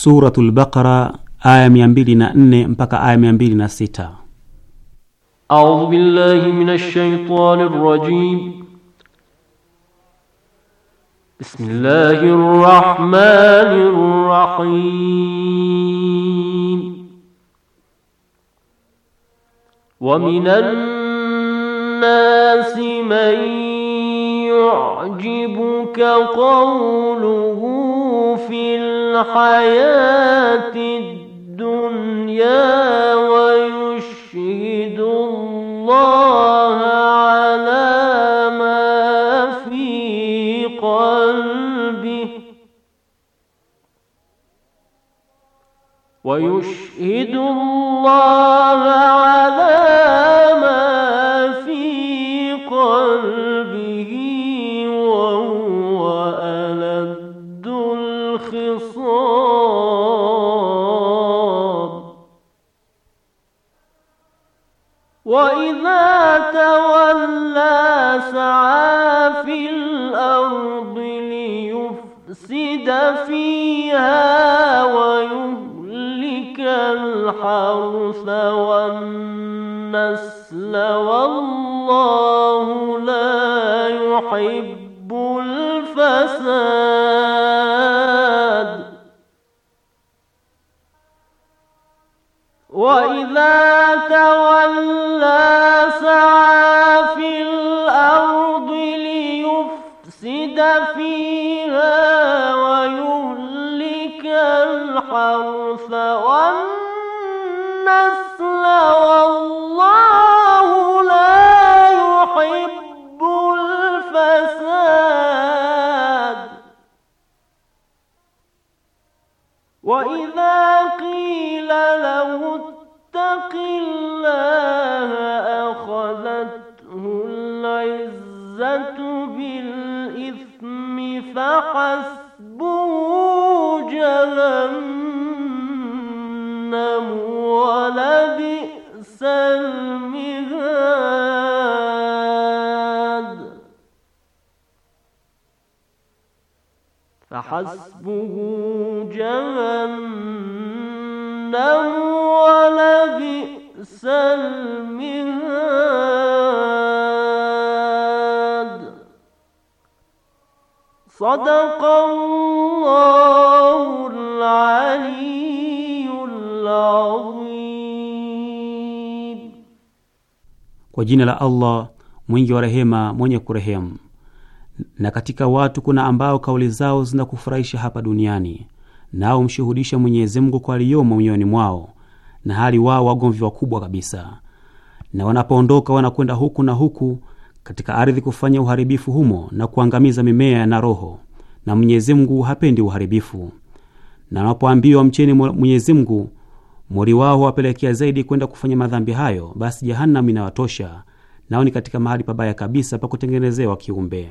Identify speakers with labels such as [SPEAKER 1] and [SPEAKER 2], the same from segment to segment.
[SPEAKER 1] Suratul Baqara aya 204 mpaka aya 206.
[SPEAKER 2] A'udhu billahi minash shaitanir rajim. Bismillahir rahmanir rahim. Wa minan الناس من يعجبك قوله في الحياة الدنيا ويشهد الله على ما في قلبه ويشهد الله على وسعى في الأرض ليفسد فيها ويهلك الحرث والنسل والله لا يحب الفساد Kwa jina la Allah mwingi wa rehema, mwenye kurehemu. Na katika watu kuna ambao kauli zao zinakufurahisha hapa duniani, nao mshuhudisha Mwenyezi Mungu kwa aliyomo mioyoni mwao, na hali wao wagomvi
[SPEAKER 1] wakubwa kabisa. Na wanapoondoka wanakwenda huku na huku katika ardhi kufanya uharibifu humo na kuangamiza mimea na roho, na Mwenyezi Mungu hapendi uharibifu. Na wanapoambiwa mcheni Mwenyezi Mungu Mori wao huwapelekea zaidi kwenda kufanya madhambi hayo, basi jehanamu inawatosha, nao ni katika mahali pabaya kabisa pa kutengenezewa kiumbe.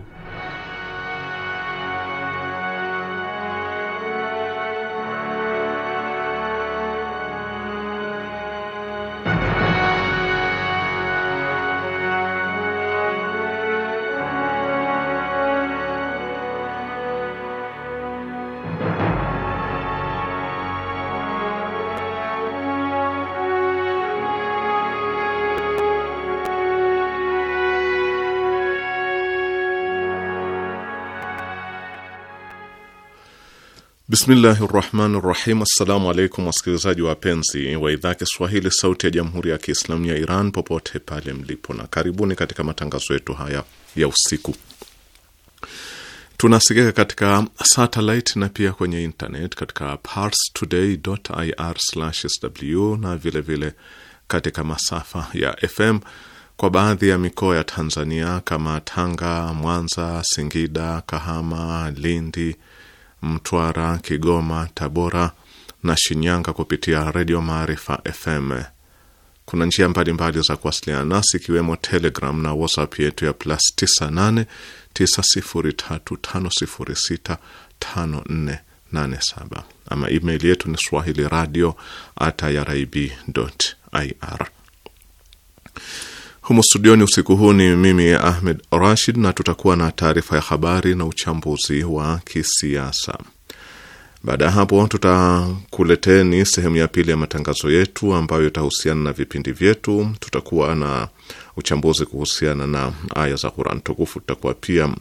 [SPEAKER 3] Bismillahi rahmani rahim. Assalamu alaikum wasikilizaji wapenzi wa idhaa Kiswahili sauti ya jamhuri ya Kiislamu ya Iran popote pale mlipo, na karibuni katika matangazo yetu haya ya usiku. Tunasikika katika satellite na pia kwenye internet katika parstoday.ir/sw na vilevile vile katika masafa ya FM kwa baadhi ya mikoa ya Tanzania kama Tanga, Mwanza, Singida, Kahama, Lindi Mtwara, Kigoma, Tabora na Shinyanga kupitia Redio Maarifa FM. Kuna njia mbalimbali za kuwasiliana nasi ikiwemo Telegram na WhatsApp yetu ya plus 98 ama email yetu ni swahili radio at irib ir. Humu studioni usiku huu ni mimi Ahmed Rashid, na tutakuwa na taarifa ya habari na uchambuzi wa kisiasa. Baada ya hapo, tutakuleteni sehemu ya pili ya matangazo yetu ambayo itahusiana na vipindi vyetu. Tutakuwa na uchambuzi kuhusiana na aya za Qur'an tukufu. Tutakuwa pia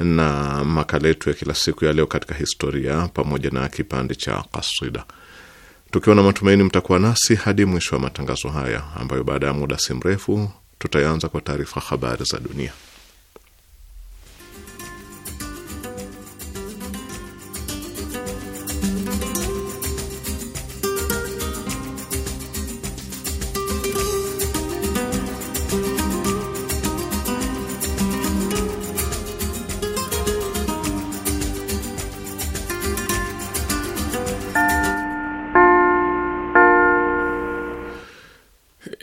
[SPEAKER 3] na makala yetu ya kila siku ya leo katika historia, pamoja na kipande cha kasida. Tukiwa na matumaini mtakuwa nasi hadi mwisho wa matangazo haya ambayo baada ya muda si mrefu tutaanza kwa taarifa habari za dunia.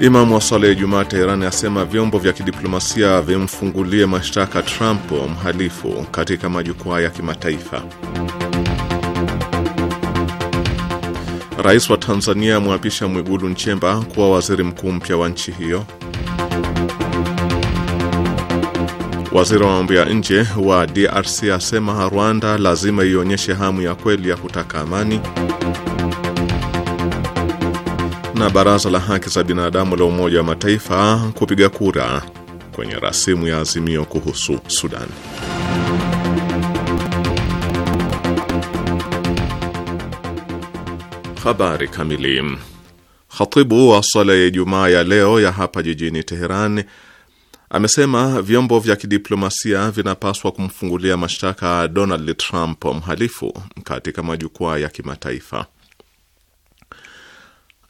[SPEAKER 3] Imamu wa swala ya Ijumaa Teherani asema vyombo vya kidiplomasia vimfungulie mashtaka Trump mhalifu katika majukwaa ya kimataifa. Rais wa Tanzania amwapisha Mwigulu Nchemba kuwa waziri mkuu mpya wa nchi hiyo. Waziri wa mambo ya nje wa DRC asema Rwanda lazima ionyeshe hamu ya kweli ya kutaka amani na Baraza la Haki za Binadamu la Umoja wa Mataifa kupiga kura kwenye rasimu ya azimio kuhusu Sudan. Habari kamili. Khatibu wa swala ya Ijumaa ya leo ya hapa jijini Teheran amesema vyombo vya kidiplomasia vinapaswa kumfungulia mashtaka Donald Trump mhalifu katika majukwaa ya kimataifa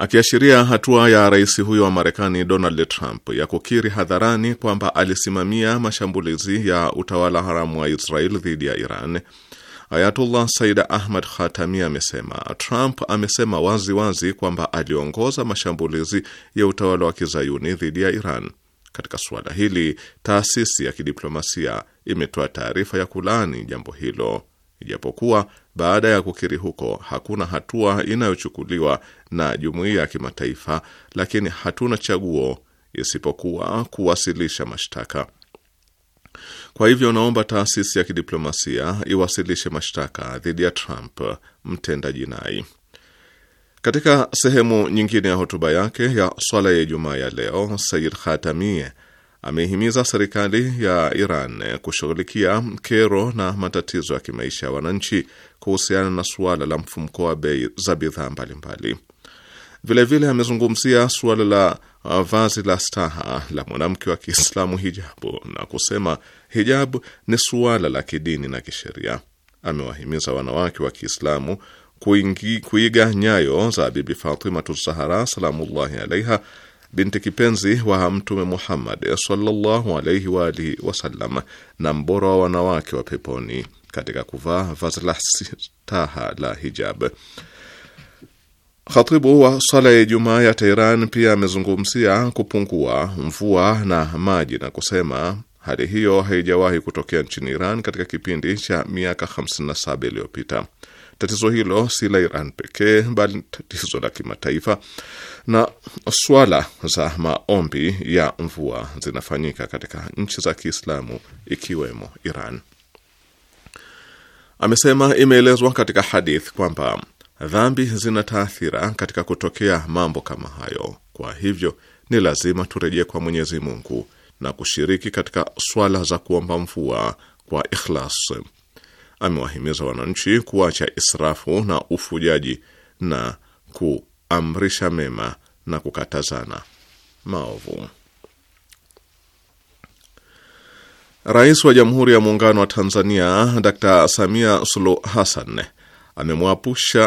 [SPEAKER 3] akiashiria hatua ya rais huyo wa Marekani Donald Trump ya kukiri hadharani kwamba alisimamia mashambulizi ya utawala haramu wa Israel dhidi ya Iran. Ayatullah Said Ahmad Khatami amesema Trump amesema waziwazi wazi kwamba aliongoza mashambulizi ya utawala wa kizayuni dhidi ya Iran. Katika suala hili, taasisi ya kidiplomasia imetoa taarifa ya kulaani jambo hilo ijapokuwa baada ya kukiri huko hakuna hatua inayochukuliwa na jumuiya ya kimataifa, lakini hatuna chaguo isipokuwa kuwasilisha mashtaka. Kwa hivyo, naomba taasisi ya kidiplomasia iwasilishe mashtaka dhidi ya Trump, mtenda jinai. Katika sehemu nyingine ya hotuba yake ya swala ya Ijumaa ya leo, said Khatami amehimiza serikali ya Iran kushughulikia kero na matatizo ya kimaisha ya wananchi kuhusiana na suala la mfumko wa bei za bidhaa mbalimbali. Vilevile amezungumzia suala la uh, vazi la staha la mwanamke wa Kiislamu, hijabu, na kusema hijabu ni suala la kidini na kisheria. Amewahimiza wanawake wa Kiislamu kuiga nyayo za Bibi Fatimatu Zahara salamullahi alaiha binti kipenzi wa Mtume Muhammad sallallahu alaihi wa alihi wasallam, na mbora wa wanawake wa peponi katika kuvaa vazi la sitaha la hijab. Khatibu wa swala ya Ijumaa ya Teheran pia amezungumzia kupungua mvua na maji na kusema hali hiyo haijawahi kutokea nchini Iran katika kipindi cha miaka 57 iliyopita. Tatizo hilo si la Iran pekee, bali tatizo la kimataifa, na swala za maombi ya mvua zinafanyika katika nchi za Kiislamu ikiwemo Iran. Amesema imeelezwa katika hadith kwamba dhambi zina taathira katika kutokea mambo kama hayo. Kwa hivyo ni lazima turejee kwa Mwenyezi Mungu na kushiriki katika swala za kuomba mvua kwa ikhlas amewahimiza wananchi kuacha israfu na ufujaji na kuamrisha mema na kukatazana maovu. Rais wa Jamhuri ya Muungano wa Tanzania Dr. Samia Suluhu Hassan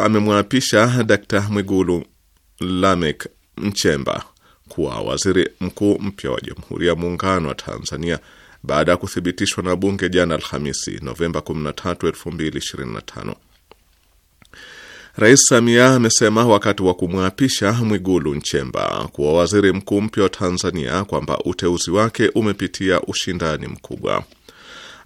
[SPEAKER 3] amemwapisha Dr. Mwigulu Lamek Nchemba kuwa waziri mkuu mpya wa Jamhuri ya Muungano wa Tanzania baada ya kuthibitishwa na bunge jana Alhamisi, Novemba 13, 2025. Rais Samia amesema wakati wa kumwapisha Mwigulu Nchemba kuwa waziri mkuu mpya wa Tanzania kwamba uteuzi wake umepitia ushindani mkubwa.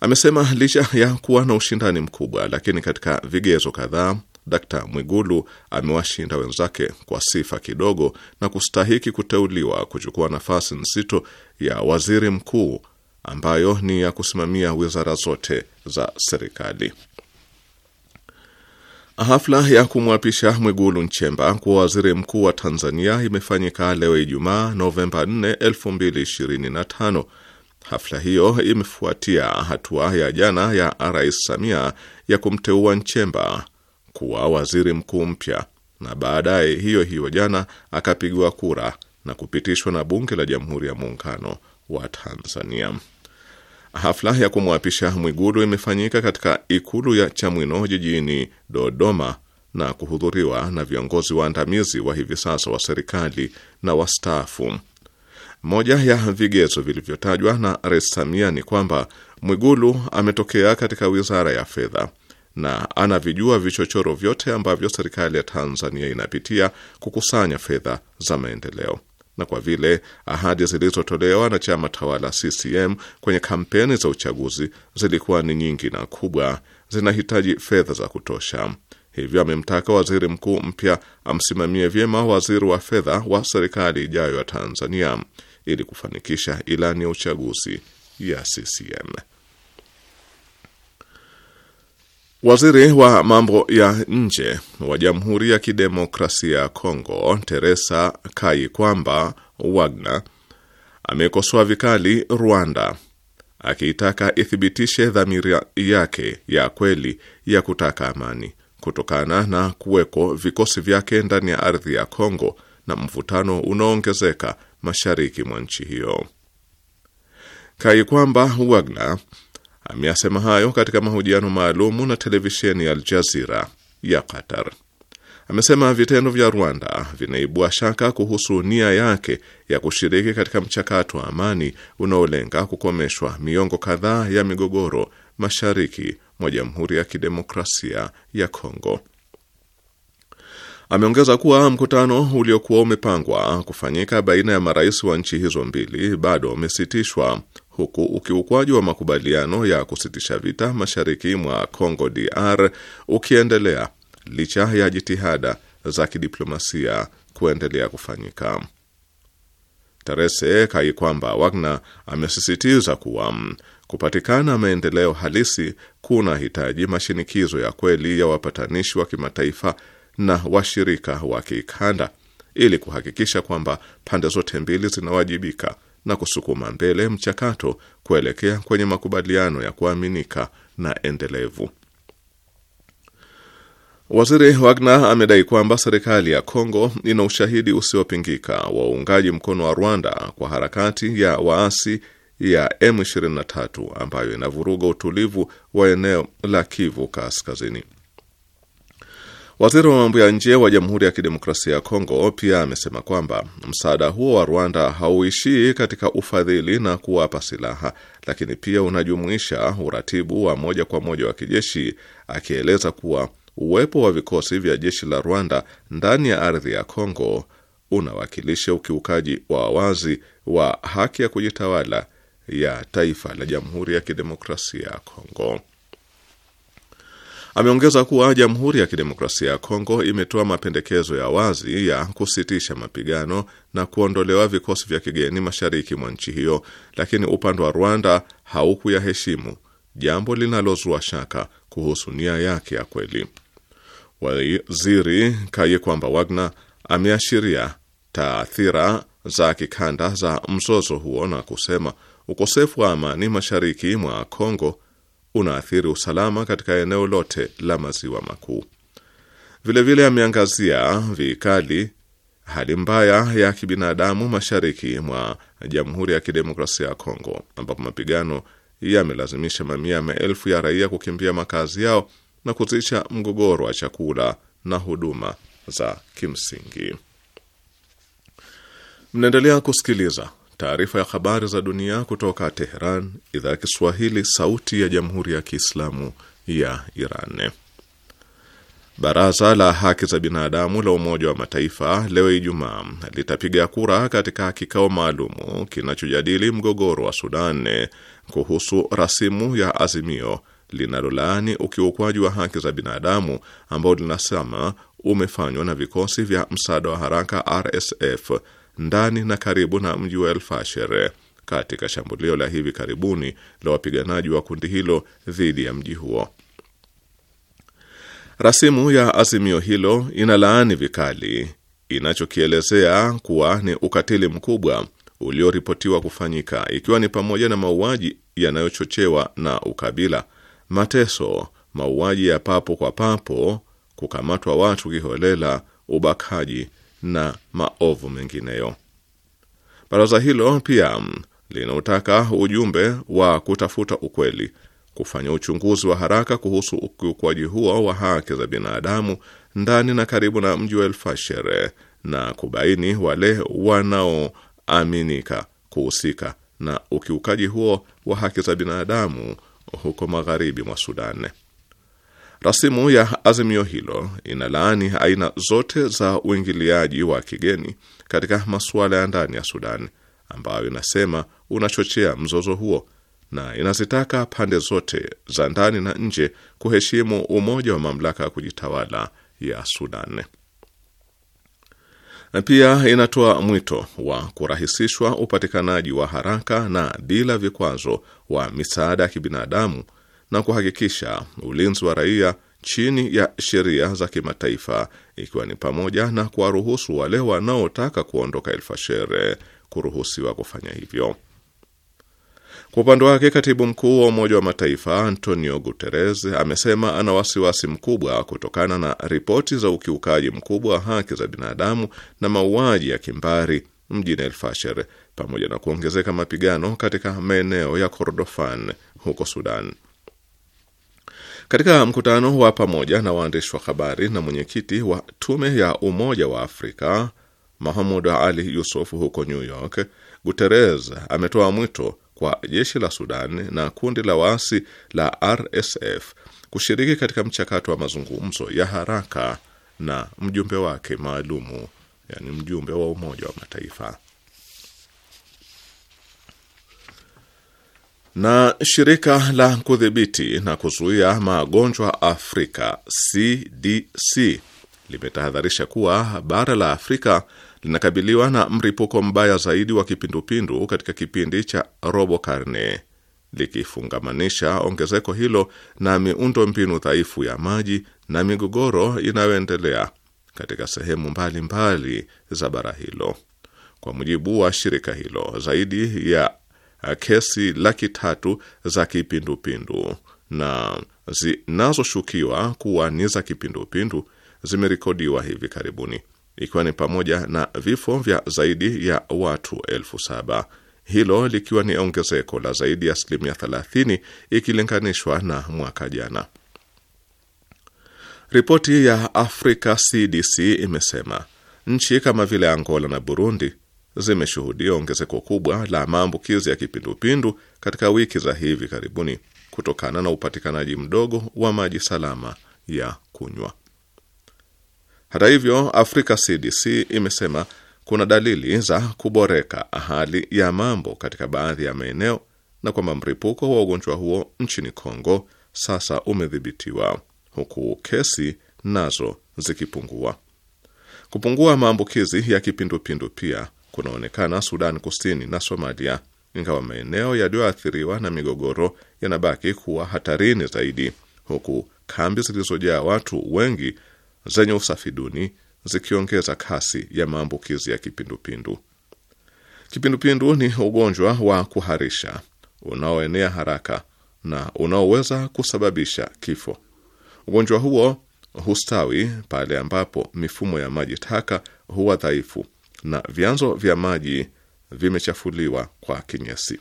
[SPEAKER 3] Amesema licha ya kuwa na ushindani mkubwa, lakini katika vigezo kadhaa Dkt Mwigulu amewashinda wenzake kwa sifa kidogo na kustahiki kuteuliwa kuchukua nafasi nzito ya waziri mkuu ambayo ni ya kusimamia wizara zote za serikali. Hafla ya kumwapisha Mwigulu Nchemba kuwa waziri mkuu wa Tanzania imefanyika leo Ijumaa, Novemba 4, 2025. Hafla hiyo imefuatia hatua ya jana ya Rais Samia ya kumteua Nchemba kuwa waziri mkuu mpya, na baadaye hiyo hiyo jana akapigwa kura na kupitishwa na Bunge la Jamhuri ya Muungano wa Tanzania. Hafla ya kumwapisha Mwigulu imefanyika katika ikulu ya Chamwino jijini Dodoma na kuhudhuriwa na viongozi waandamizi wa hivi sasa wa serikali na wastaafu. Moja ya vigezo vilivyotajwa na Rais Samia ni kwamba Mwigulu ametokea katika wizara ya fedha na anavijua vichochoro vyote ambavyo serikali ya Tanzania inapitia kukusanya fedha za maendeleo na kwa vile ahadi zilizotolewa na chama tawala CCM kwenye kampeni za uchaguzi zilikuwa ni nyingi na kubwa, zinahitaji fedha za kutosha. Hivyo amemtaka waziri mkuu mpya amsimamie vyema waziri wa fedha wa serikali ijayo ya Tanzania ili kufanikisha ilani ya uchaguzi ya CCM. Waziri wa mambo ya nje wa Jamhuri ya Kidemokrasia ya Kongo Teresa Kai Kwamba Wagner amekosoa vikali Rwanda akiitaka ithibitishe dhamira yake ya kweli ya kutaka amani kutokana na kuweko vikosi vyake ndani ya ardhi ya Kongo na mvutano unaoongezeka mashariki mwa nchi hiyo. Kai Kwamba Wagner ameyasema hayo katika mahojiano maalumu na televisheni ya Aljazira ya Qatar. Amesema vitendo vya Rwanda vinaibua shaka kuhusu nia yake ya kushiriki katika mchakato wa amani unaolenga kukomeshwa miongo kadhaa ya migogoro mashariki mwa Jamhuri ya Kidemokrasia ya Kongo. Ameongeza kuwa mkutano uliokuwa umepangwa kufanyika baina ya marais wa nchi hizo mbili bado umesitishwa huku ukiukwaji wa makubaliano ya kusitisha vita mashariki mwa Congo DR ukiendelea licha ya jitihada za kidiplomasia kuendelea kufanyika. Terese kai kwamba Wagner amesisitiza kuwa kupatikana maendeleo halisi kuna hitaji mashinikizo ya kweli ya wapatanishi wa kimataifa na washirika wa kikanda ili kuhakikisha kwamba pande zote mbili zinawajibika na kusukuma mbele mchakato kuelekea kwenye makubaliano ya kuaminika na endelevu. Waziri Wagner amedai kwamba serikali ya Kongo ina ushahidi usiopingika wa uungaji mkono wa Rwanda kwa harakati ya waasi ya M23 ambayo inavuruga utulivu wa eneo la Kivu Kaskazini. Waziri wa mambo ya nje wa Jamhuri ya Kidemokrasia ya Kongo pia amesema kwamba msaada huo wa Rwanda hauishii katika ufadhili na kuwapa silaha, lakini pia unajumuisha uratibu wa moja kwa moja wa kijeshi, akieleza kuwa uwepo wa vikosi vya jeshi la Rwanda ndani ya ardhi ya Kongo unawakilisha ukiukaji wa wazi wa haki ya kujitawala ya taifa la Jamhuri ya Kidemokrasia ya Kongo. Ameongeza kuwa Jamhuri ya Kidemokrasia ya Kongo imetoa mapendekezo ya wazi ya kusitisha mapigano na kuondolewa vikosi vya kigeni mashariki mwa nchi hiyo, lakini upande wa Rwanda haukuyaheshimu, jambo linalozua shaka kuhusu nia yake ya kweli. Waziri Kayikwamba Wagner ameashiria taathira za kikanda za mzozo huo na kusema ukosefu wa amani mashariki mwa Kongo unaathiri usalama katika eneo lote la maziwa makuu. Vilevile ameangazia vikali hali mbaya ya kibinadamu mashariki mwa Jamhuri ya Kidemokrasia ya Kongo, ambapo mapigano yamelazimisha mamia maelfu ya raia kukimbia makazi yao na kuzisha mgogoro wa chakula na huduma za kimsingi. Mnaendelea kusikiliza Taarifa ya habari za dunia kutoka Teheran, idhaa ya Kiswahili, sauti ya jamhuri ya kiislamu ya Iran. Baraza la haki za binadamu la Umoja wa Mataifa leo Ijumaa litapiga kura katika kikao maalumu kinachojadili mgogoro wa Sudan kuhusu rasimu ya azimio linalolaani ukiukwaji wa haki za binadamu ambao linasema umefanywa na vikosi vya msaada wa haraka RSF ndani na karibu na mji wa Elfasher katika shambulio la hivi karibuni la wapiganaji wa kundi hilo dhidi ya mji huo. Rasimu ya azimio hilo inalaani vikali inachokielezea kuwa ni ukatili mkubwa ulioripotiwa kufanyika, ikiwa ni pamoja na mauaji yanayochochewa na ukabila, mateso, mauaji ya papo kwa papo, kukamatwa watu kiholela, ubakaji na maovu mengineyo. Baraza hilo pia linautaka ujumbe wa kutafuta ukweli kufanya uchunguzi wa haraka kuhusu ukiukwaji huo wa haki za binadamu ndani na karibu na mji wa Elfashere na kubaini wale wanaoaminika kuhusika na ukiukaji huo wa haki za binadamu huko magharibi mwa Sudan. Rasimu ya azimio hilo inalaani aina zote za uingiliaji wa kigeni katika masuala ya ndani ya Sudan, ambayo inasema unachochea mzozo huo na inazitaka pande zote za ndani na nje kuheshimu umoja wa mamlaka ya kujitawala ya Sudan. Pia inatoa mwito wa kurahisishwa upatikanaji wa haraka na bila vikwazo wa misaada ya kibinadamu na kuhakikisha ulinzi wa raia chini ya sheria za kimataifa, ikiwa ni pamoja na kuwaruhusu wale wanaotaka kuondoka elfashere kuruhusiwa kufanya hivyo. Kwa upande wake katibu mkuu wa Umoja wa Mataifa Antonio Guterres amesema ana wasiwasi mkubwa kutokana na ripoti za ukiukaji mkubwa wa haki za binadamu na mauaji ya kimbari mjini elfasher pamoja na kuongezeka mapigano katika maeneo ya Kordofan huko Sudan. Katika mkutano wa pamoja na waandishi wa habari na mwenyekiti wa tume ya Umoja wa Afrika Mahamud Ali Yusuf huko New York, Guterres ametoa mwito kwa jeshi la Sudan na kundi la waasi la RSF kushiriki katika mchakato wa mazungumzo ya haraka na mjumbe wake maalumu, yani mjumbe wa Umoja wa Mataifa. Na shirika la kudhibiti na kuzuia magonjwa Afrika CDC limetahadharisha kuwa bara la Afrika linakabiliwa na mripuko mbaya zaidi wa kipindupindu katika kipindi cha robo karne, likifungamanisha ongezeko hilo na miundo mbinu dhaifu ya maji na migogoro inayoendelea katika sehemu mbalimbali mbali za bara hilo. Kwa mujibu wa shirika hilo, zaidi ya Uh, kesi laki tatu za kipindupindu na zinazoshukiwa kuwa ni za kipindupindu zimerekodiwa hivi karibuni ikiwa ni pamoja na vifo vya zaidi ya watu elfu saba hilo likiwa ni ongezeko la zaidi ya asilimia 30 ikilinganishwa na mwaka jana. Ripoti ya Africa CDC imesema nchi kama vile Angola na Burundi zimeshuhudia ongezeko kubwa la maambukizi ya kipindupindu katika wiki za hivi karibuni kutokana na upatikanaji mdogo wa maji salama ya kunywa. Hata hivyo, afrika CDC imesema kuna dalili za kuboreka hali ya mambo katika baadhi ya maeneo na kwamba mripuko wa ugonjwa huo nchini Kongo sasa umedhibitiwa huku kesi nazo zikipungua. Kupungua maambukizi ya kipindupindu pia kunaonekana Sudan Kusini na Somalia, ingawa maeneo yaliyoathiriwa na migogoro yanabaki kuwa hatarini zaidi, huku kambi zilizojaa watu wengi zenye usafi duni zikiongeza kasi ya maambukizi ya kipindupindu. Kipindupindu ni ugonjwa wa kuharisha unaoenea haraka na unaoweza kusababisha kifo. Ugonjwa huo hustawi pale ambapo mifumo ya maji taka huwa dhaifu na vyanzo vya maji vimechafuliwa kwa kinyesi.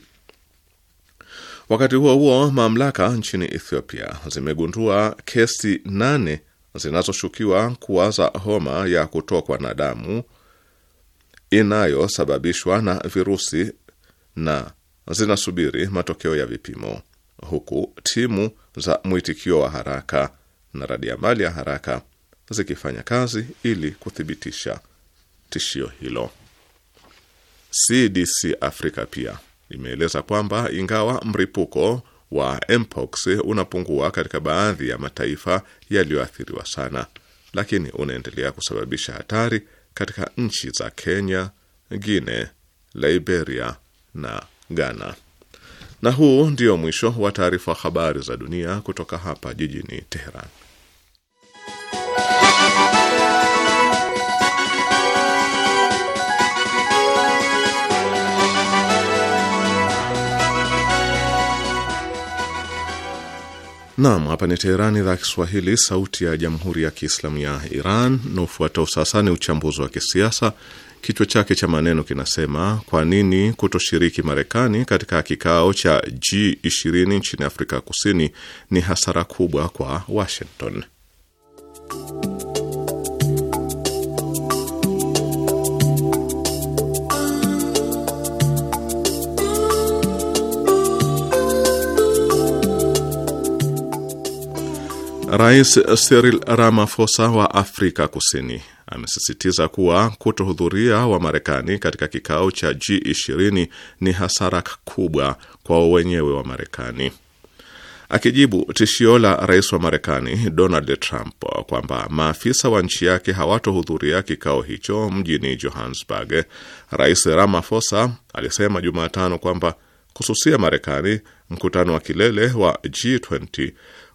[SPEAKER 3] Wakati huo huo, mamlaka nchini Ethiopia zimegundua kesi nane zinazoshukiwa kuwa za homa ya kutokwa na damu inayosababishwa na virusi na zinasubiri matokeo ya vipimo, huku timu za mwitikio wa haraka na radiamali ya haraka zikifanya kazi ili kuthibitisha tishio hilo. CDC Afrika pia imeeleza kwamba ingawa mripuko wa mpox unapungua katika baadhi ya mataifa yaliyoathiriwa sana, lakini unaendelea kusababisha hatari katika nchi za Kenya, guine Liberia na Ghana. Na huu ndio mwisho wa taarifa habari za dunia kutoka hapa jijini Teheran. Naam, hapa ni Teherani, idhaa Kiswahili, sauti ya jamhuri ya kiislamu ya Iran. Na ufuatao sasa ni uchambuzi wa kisiasa, kichwa chake cha maneno kinasema: kwa nini kutoshiriki Marekani katika kikao cha G20 nchini Afrika Kusini ni hasara kubwa kwa Washington. Rais Cyril Ramaphosa wa Afrika Kusini amesisitiza kuwa kutohudhuria wa Marekani katika kikao cha G20 ni hasara kubwa kwa wenyewe wa Marekani. Akijibu tishio la rais wa Marekani Donald Trump kwamba maafisa wa nchi yake hawatohudhuria kikao hicho mjini Johannesburg, Rais Ramaphosa alisema Jumatano kwamba kususia Marekani mkutano wa kilele wa G20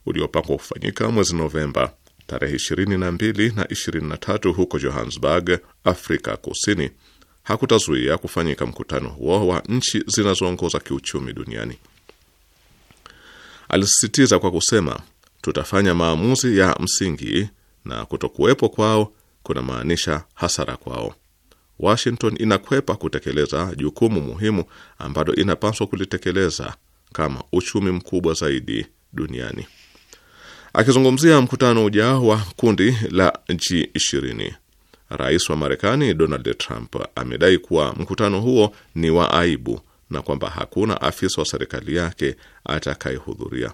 [SPEAKER 3] uliopangwa kufanyika mwezi Novemba tarehe 22 na 23 huko Johannesburg, Afrika Kusini, hakutazuia kufanyika mkutano huo wa nchi zinazoongoza kiuchumi duniani. Alisisitiza kwa kusema, tutafanya maamuzi ya msingi na kutokuwepo kwao kuna maanisha hasara kwao. Washington inakwepa kutekeleza jukumu muhimu ambalo inapaswa kulitekeleza kama uchumi mkubwa zaidi duniani. Akizungumzia mkutano ujao wa kundi la G20, rais wa Marekani Donald Trump amedai kuwa mkutano huo ni wa aibu na kwamba hakuna afisa wa serikali yake atakayehudhuria.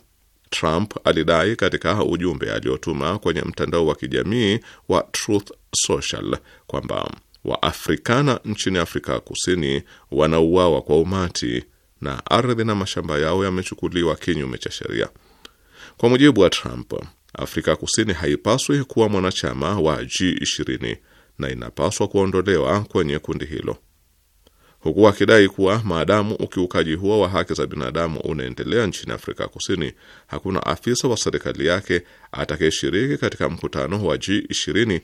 [SPEAKER 3] Trump alidai katika ujumbe aliotuma kwenye mtandao wa kijamii wa Truth Social kwamba Waafrikana nchini Afrika Kusini wanauawa kwa umati na ardhi na mashamba yao yamechukuliwa kinyume cha sheria. Kwa mujibu wa Trump, Afrika Kusini haipaswi kuwa mwanachama wa G20 na inapaswa kuondolewa kwenye kundi hilo, huku akidai kuwa maadamu ukiukaji huo wa haki za binadamu unaendelea nchini Afrika Kusini, hakuna afisa wa serikali yake atakayeshiriki katika mkutano wa G20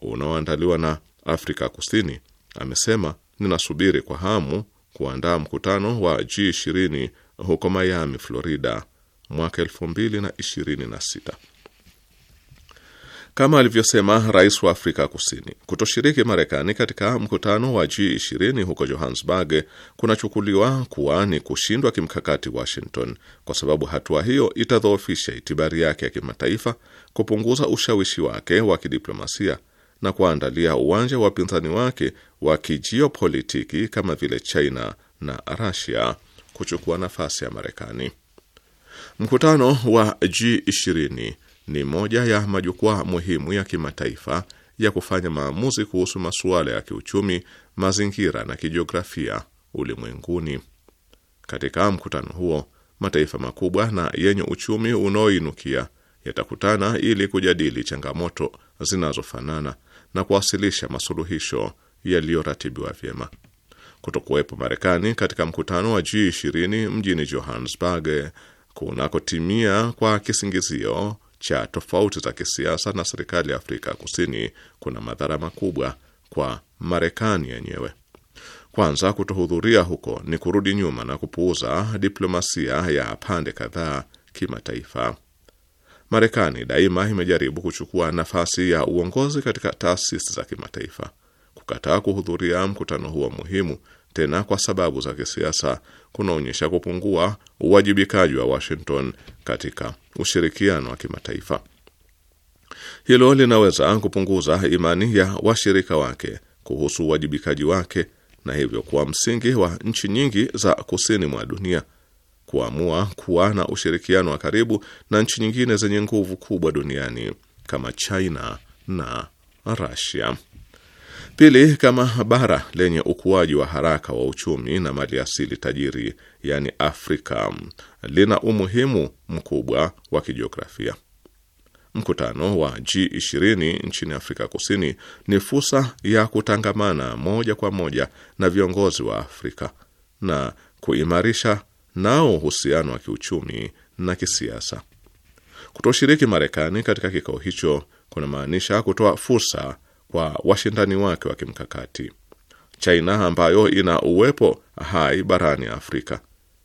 [SPEAKER 3] unaoandaliwa na Afrika Kusini. Amesema, ninasubiri kwa hamu kuandaa mkutano wa G20 huko Miami, Florida mwaka sita. Kama alivyosema rais wa Afrika Kusini, kutoshiriki Marekani katika mkutano wa G20 huko Johannesburg kunachukuliwa kuwa ni kushindwa kimkakati Washington, kwa sababu hatua hiyo itadhoofisha itibari yake ya kimataifa, kupunguza ushawishi wake wa kidiplomasia na kuandalia uwanja wa wapinzani wake wa kijiopolitiki kama vile China na Russia kuchukua nafasi ya Marekani. Mkutano wa G20 ni moja ya majukwaa muhimu ya kimataifa ya kufanya maamuzi kuhusu masuala ya kiuchumi, mazingira na kijiografia ulimwenguni. Katika mkutano huo, mataifa makubwa na yenye uchumi unaoinukia yatakutana ili kujadili changamoto zinazofanana na kuwasilisha masuluhisho yaliyoratibiwa vyema. Kutokuwepo Marekani katika mkutano wa G20 mjini Johannesburg kunakotimia kwa kisingizio cha tofauti za kisiasa na serikali ya Afrika Kusini kuna madhara makubwa kwa Marekani yenyewe. Kwanza, kutohudhuria huko ni kurudi nyuma na kupuuza diplomasia ya pande kadhaa kimataifa. Marekani daima imejaribu kuchukua nafasi ya uongozi katika taasisi za kimataifa. Kukataa kuhudhuria mkutano huo muhimu tena kwa sababu za kisiasa kunaonyesha kupungua uwajibikaji wa Washington katika ushirikiano wa kimataifa. Hilo linaweza kupunguza imani ya washirika wake kuhusu uwajibikaji wake na hivyo kuwa msingi wa nchi nyingi za kusini mwa dunia kuamua kuwa na ushirikiano wa karibu na nchi nyingine zenye nguvu kubwa duniani kama China na Russia. Pili, kama bara lenye ukuaji wa haraka wa uchumi na mali asili tajiri, yaani Afrika, lina umuhimu mkubwa wa kijiografia. Mkutano wa G20 nchini Afrika Kusini ni fursa ya kutangamana moja kwa moja na viongozi wa Afrika na kuimarisha nao uhusiano wa kiuchumi na kisiasa. Kutoshiriki Marekani katika kikao hicho kunamaanisha kutoa fursa kwa washindani wake wa kimkakati. China ambayo ina uwepo hai barani Afrika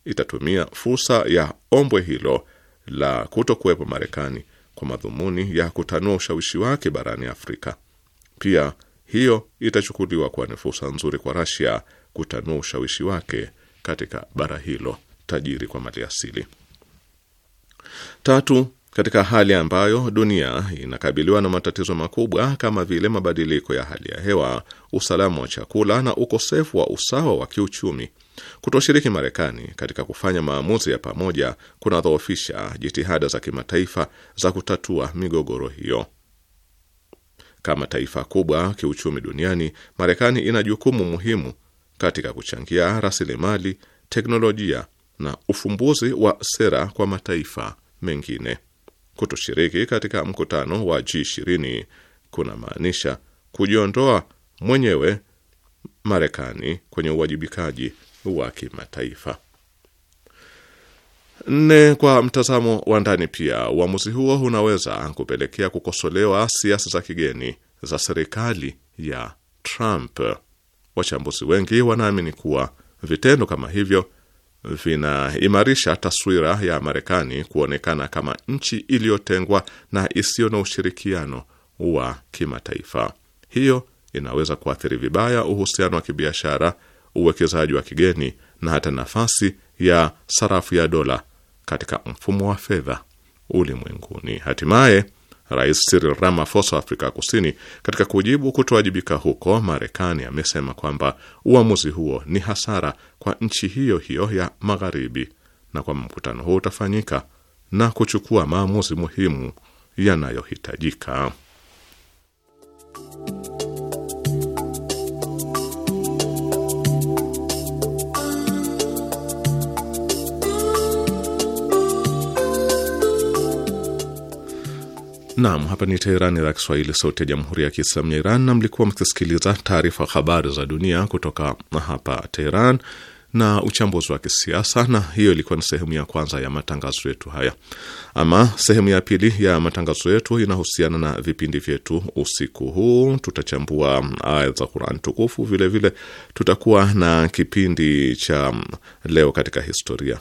[SPEAKER 3] itatumia fursa ya ombwe hilo la kutokuwepo Marekani kwa madhumuni ya kutanua ushawishi wake barani Afrika. Pia hiyo itachukuliwa kuwa ni fursa nzuri kwa Russia kutanua ushawishi wake katika bara hilo tajiri kwa maliasili. Tatu, katika hali ambayo dunia inakabiliwa na matatizo makubwa kama vile mabadiliko ya hali ya hewa, usalama wa chakula na ukosefu wa usawa wa kiuchumi, kutoshiriki Marekani katika kufanya maamuzi ya pamoja kunadhoofisha jitihada za kimataifa za kutatua migogoro hiyo. Kama taifa kubwa kiuchumi duniani, Marekani ina jukumu muhimu katika kuchangia rasilimali, teknolojia na ufumbuzi wa sera kwa mataifa mengine. Kutoshiriki katika mkutano wa G20 kuna maanisha kujiondoa mwenyewe Marekani kwenye uwajibikaji wa kimataifa. Nne, kwa mtazamo wa ndani pia, uamuzi huo unaweza kupelekea kukosolewa siasa za kigeni za serikali ya Trump. Wachambuzi wengi wanaamini kuwa vitendo kama hivyo vinaimarisha taswira ya Marekani kuonekana kama nchi iliyotengwa na isiyo na ushirikiano wa kimataifa. Hiyo inaweza kuathiri vibaya uhusiano wa kibiashara, uwekezaji wa kigeni na hata nafasi ya sarafu ya dola katika mfumo wa fedha ulimwenguni. Hatimaye Rais Cyril Ramaphosa wa Afrika Kusini, katika kujibu kutowajibika huko Marekani, amesema kwamba uamuzi huo ni hasara kwa nchi hiyo hiyo ya Magharibi na kwamba mkutano huo utafanyika na kuchukua maamuzi muhimu yanayohitajika. Naam, hapa ni Teherani, idhaa Kiswahili, sauti ya jamhuri ya kiislamu ya Iran, na mlikuwa mkisikiliza taarifa habari za dunia kutoka hapa Teheran na uchambuzi wa kisiasa, na hiyo ilikuwa ni sehemu ya kwanza ya matangazo yetu haya. Ama sehemu ya pili ya matangazo yetu inahusiana na vipindi vyetu. Usiku huu tutachambua aya za Qur'an tukufu, vilevile vile tutakuwa na kipindi cha leo katika historia.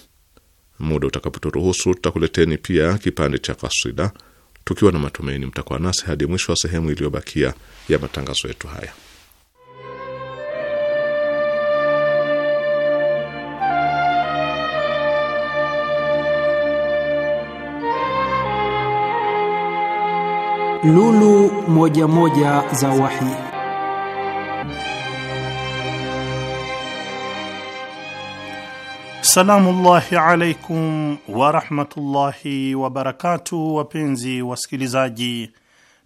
[SPEAKER 3] Muda utakapoturuhusu, tutakuleteni pia kipande cha kasida tukiwa na matumaini mtakuwa nasi hadi mwisho wa sehemu iliyobakia ya matangazo yetu haya.
[SPEAKER 1] Lulu moja moja za wahii llahi alaikum warahmatullahi wabarakatu, wapenzi wasikilizaji,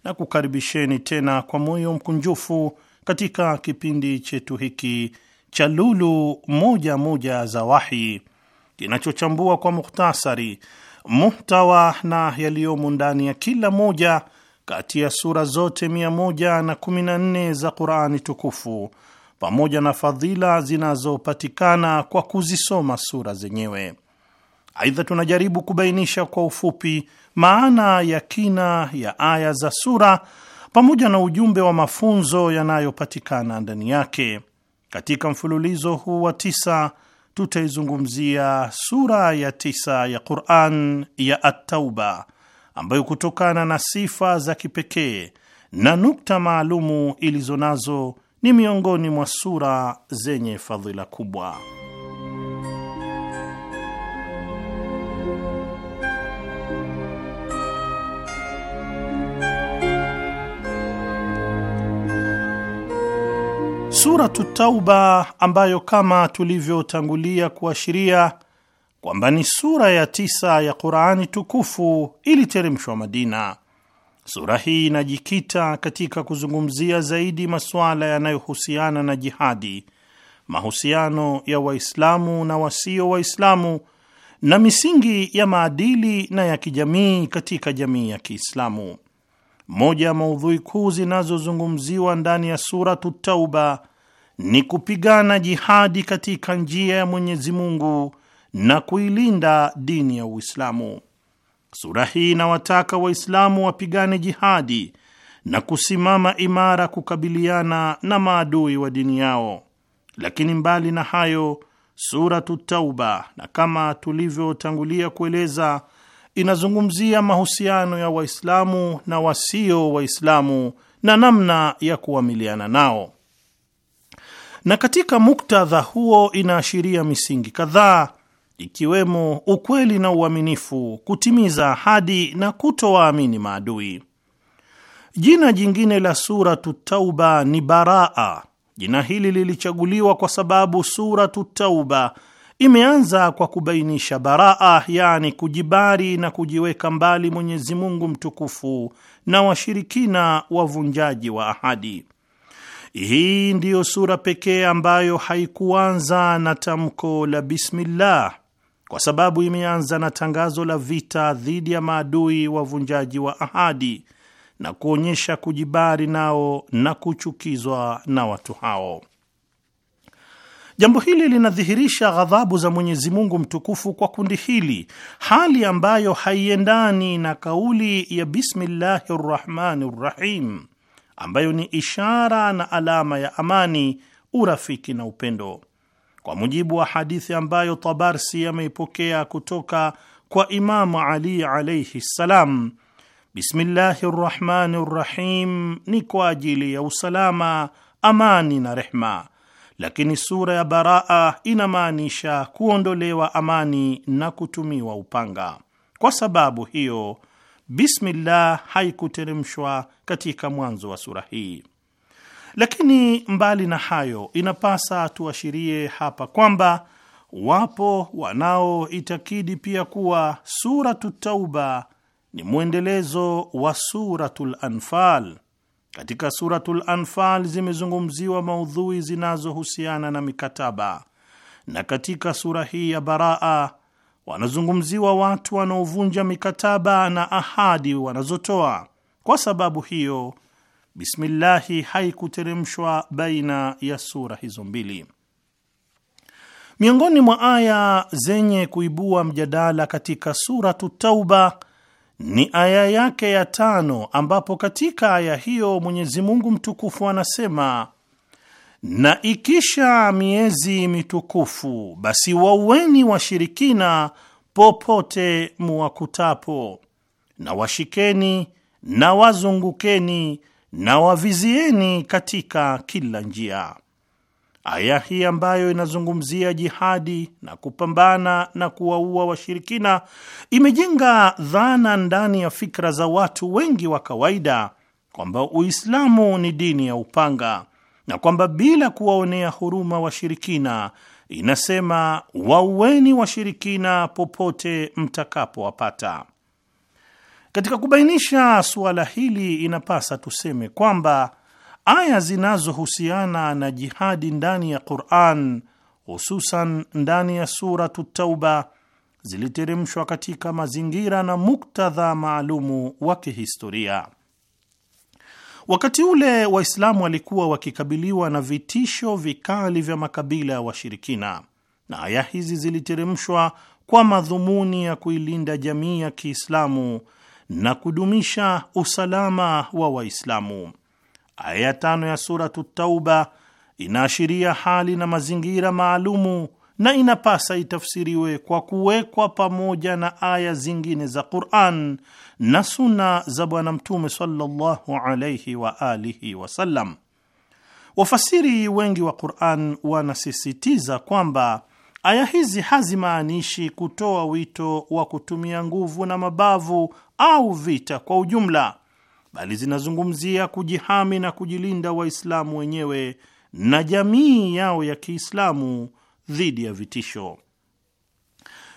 [SPEAKER 1] na kukaribisheni tena kwa moyo mkunjufu katika kipindi chetu hiki cha Lulu Moja Moja za Wahi kinachochambua kwa mukhtasari muhtawa na yaliyomo ndani ya kila moja kati ya sura zote 114 za Qur'ani tukufu pamoja na fadhila zinazopatikana kwa kuzisoma sura zenyewe. Aidha, tunajaribu kubainisha kwa ufupi maana ya kina ya aya za sura pamoja na ujumbe wa mafunzo yanayopatikana ndani yake. Katika mfululizo huu wa tisa tutaizungumzia sura ya tisa ya Quran ya At-Tauba ambayo kutokana na sifa za kipekee na nukta maalumu ilizo nazo ni miongoni mwa sura zenye fadhila kubwa. Suratu Tauba ambayo kama tulivyotangulia kuashiria kwamba ni sura ya tisa ya Qur'ani tukufu iliteremshwa Madina. Sura hii inajikita katika kuzungumzia zaidi masuala yanayohusiana na jihadi, mahusiano ya Waislamu na wasio Waislamu na misingi ya maadili na ya kijamii katika jamii ya Kiislamu. Moja ya maudhui kuu zinazozungumziwa ndani ya Suratu Tauba ni kupigana jihadi katika njia ya Mwenyezi Mungu na kuilinda dini ya Uislamu. Sura hii inawataka Waislamu wapigane jihadi na kusimama imara kukabiliana na maadui wa dini yao. Lakini mbali na hayo, Suratu Tauba, na kama tulivyotangulia kueleza, inazungumzia mahusiano ya Waislamu na wasio Waislamu na namna ya kuamiliana nao, na katika muktadha huo inaashiria misingi kadhaa ikiwemo ukweli na uaminifu, kutimiza ahadi na kutowaamini maadui. Jina jingine la Suratu Tauba ni Baraa. Jina hili lilichaguliwa kwa sababu Suratu Tauba imeanza kwa kubainisha baraa, yaani kujibari na kujiweka mbali Mwenyezi Mungu mtukufu na washirikina wavunjaji wa ahadi. Hii ndiyo sura pekee ambayo haikuanza na tamko la bismillah kwa sababu imeanza na tangazo la vita dhidi ya maadui wavunjaji wa ahadi na kuonyesha kujibari nao na kuchukizwa na watu hao. Jambo hili linadhihirisha ghadhabu za Mwenyezi Mungu mtukufu kwa kundi hili, hali ambayo haiendani na kauli ya bismillahi rrahmani rrahim, ambayo ni ishara na alama ya amani, urafiki na upendo kwa mujibu wa hadithi ambayo Tabarsi ameipokea kutoka kwa Imamu Ali alaihi ssalam, bismillahi rrahmani rrahim ni kwa ajili ya usalama, amani na rehma, lakini sura ya Baraa inamaanisha kuondolewa amani na kutumiwa upanga. Kwa sababu hiyo, bismillah haikuteremshwa katika mwanzo wa sura hii. Lakini mbali na hayo, inapasa tuashirie hapa kwamba wapo wanaoitakidi pia kuwa Suratu Tauba ni mwendelezo wa Suratul Anfal. Katika Suratul Anfal zimezungumziwa maudhui zinazohusiana na mikataba, na katika sura hii ya Baraa wanazungumziwa watu wanaovunja mikataba na ahadi wanazotoa. Kwa sababu hiyo Bismillahi haikuteremshwa baina ya sura hizo mbili. Miongoni mwa aya zenye kuibua mjadala katika Suratu Tauba ni aya yake ya tano, ambapo katika aya hiyo Mwenyezi Mungu mtukufu anasema na ikisha miezi mitukufu basi waueni washirikina popote muwakutapo, na washikeni na wazungukeni na wavizieni katika kila njia. Aya hii ambayo inazungumzia jihadi na kupambana na kuwaua washirikina imejenga dhana ndani ya fikra za watu wengi wa kawaida kwamba Uislamu ni dini ya upanga na kwamba bila kuwaonea huruma washirikina, inasema waueni washirikina popote mtakapowapata. Katika kubainisha suala hili, inapasa tuseme kwamba aya zinazohusiana na jihadi ndani ya Quran, hususan ndani ya Suratu Tauba, ziliteremshwa katika mazingira na muktadha maalumu wa kihistoria. Wakati ule Waislamu walikuwa wakikabiliwa na vitisho vikali vya makabila ya wa washirikina, na aya hizi ziliteremshwa kwa madhumuni ya kuilinda jamii ya Kiislamu na kudumisha usalama wa Waislamu. Aya ya tano ya Suratu Tauba inaashiria hali na mazingira maalumu na inapasa itafsiriwe kwa kuwekwa pamoja na aya zingine za Quran na suna za Bwana Mtume sallallahu alayhi wa alihi wasallam. Wafasiri wengi wa Quran wanasisitiza kwamba aya hizi hazimaanishi kutoa wito wa kutumia nguvu na mabavu au vita kwa ujumla, bali zinazungumzia kujihami na kujilinda Waislamu wenyewe na jamii yao ya Kiislamu dhidi ya vitisho.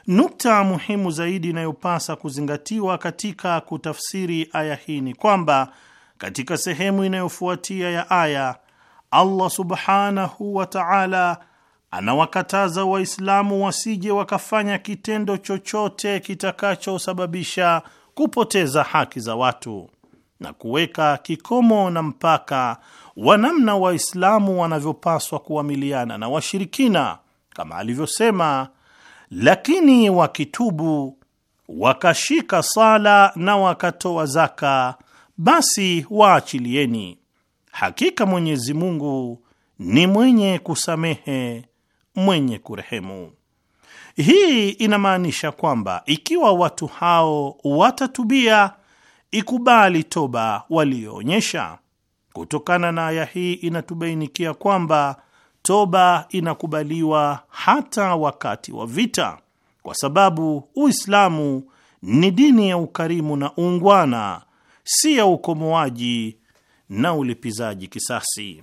[SPEAKER 1] Nukta muhimu zaidi inayopasa kuzingatiwa katika kutafsiri aya hii ni kwamba katika sehemu inayofuatia ya aya, Allah subhanahu wa ta'ala anawakataza Waislamu wasije wakafanya kitendo chochote kitakachosababisha kupoteza haki za watu na kuweka kikomo na mpaka wa namna Waislamu wanavyopaswa kuamiliana na washirikina kama alivyosema, lakini wakitubu wakashika sala na wakatoa zaka, basi waachilieni, hakika Mwenyezi Mungu ni mwenye kusamehe mwenye kurehemu. Hii inamaanisha kwamba ikiwa watu hao watatubia, ikubali toba walioonyesha. Kutokana na aya hii inatubainikia kwamba toba inakubaliwa hata wakati wa vita, kwa sababu Uislamu ni dini ya ukarimu na uungwana, si ya ukomoaji na ulipizaji kisasi.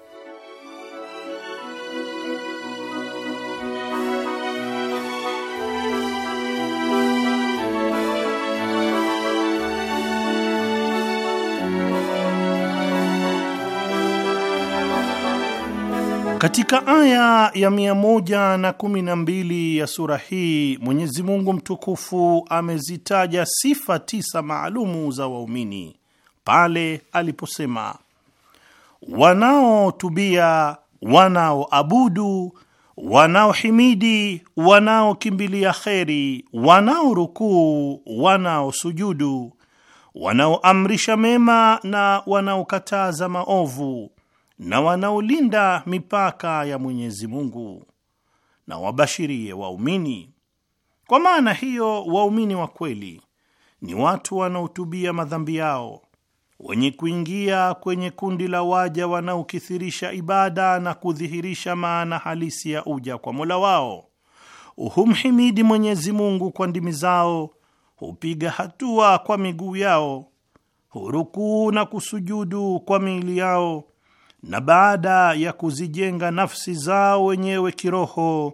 [SPEAKER 1] Katika aya ya 112 ya sura hii Mwenyezi Mungu mtukufu amezitaja sifa tisa maalumu za waumini pale aliposema, wanaotubia, wanaoabudu, wanaohimidi, wanaokimbilia kheri, wanaorukuu, wanaosujudu, wanaoamrisha mema na wanaokataza maovu na wanaolinda mipaka ya Mwenyezi Mungu na wabashirie waumini. Kwa maana hiyo, waumini wa kweli ni watu wanaotubia madhambi yao, wenye kuingia kwenye kundi la waja wanaokithirisha ibada na kudhihirisha maana halisi ya uja kwa Mola wao, humhimidi Mwenyezi Mungu kwa ndimi zao, hupiga hatua kwa miguu yao, hurukuu na kusujudu kwa miili yao na baada ya kuzijenga nafsi zao wenyewe kiroho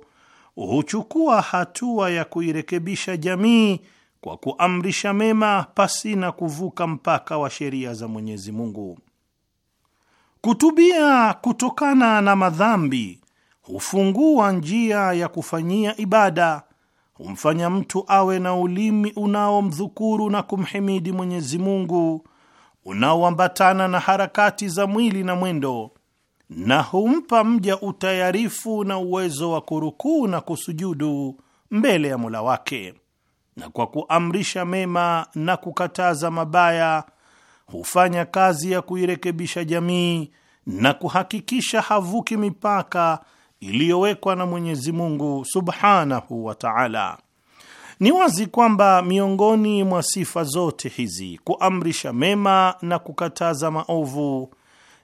[SPEAKER 1] huchukua hatua ya kuirekebisha jamii kwa kuamrisha mema pasi na kuvuka mpaka wa sheria za Mwenyezi Mungu. Kutubia kutokana na madhambi hufungua njia ya kufanyia ibada, humfanya mtu awe na ulimi unaomdhukuru na kumhimidi Mwenyezi Mungu unaoambatana na harakati za mwili na mwendo, na humpa mja utayarifu na uwezo wa kurukuu na kusujudu mbele ya Mola wake, na kwa kuamrisha mema na kukataza mabaya hufanya kazi ya kuirekebisha jamii na kuhakikisha havuki mipaka iliyowekwa na Mwenyezi Mungu Subhanahu wa Ta'ala. Ni wazi kwamba miongoni mwa sifa zote hizi, kuamrisha mema na kukataza maovu,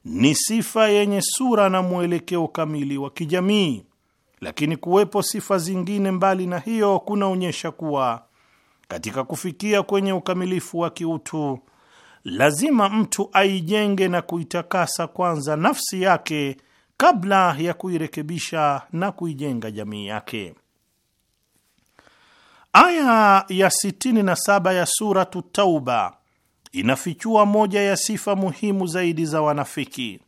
[SPEAKER 1] ni sifa yenye sura na mwelekeo kamili wa kijamii, lakini kuwepo sifa zingine mbali na hiyo kunaonyesha kuwa katika kufikia kwenye ukamilifu wa kiutu lazima mtu aijenge na kuitakasa kwanza nafsi yake kabla ya kuirekebisha na kuijenga jamii yake. Aya ya 67 ya Suratu Tauba inafichua moja ya sifa muhimu zaidi za wanafiki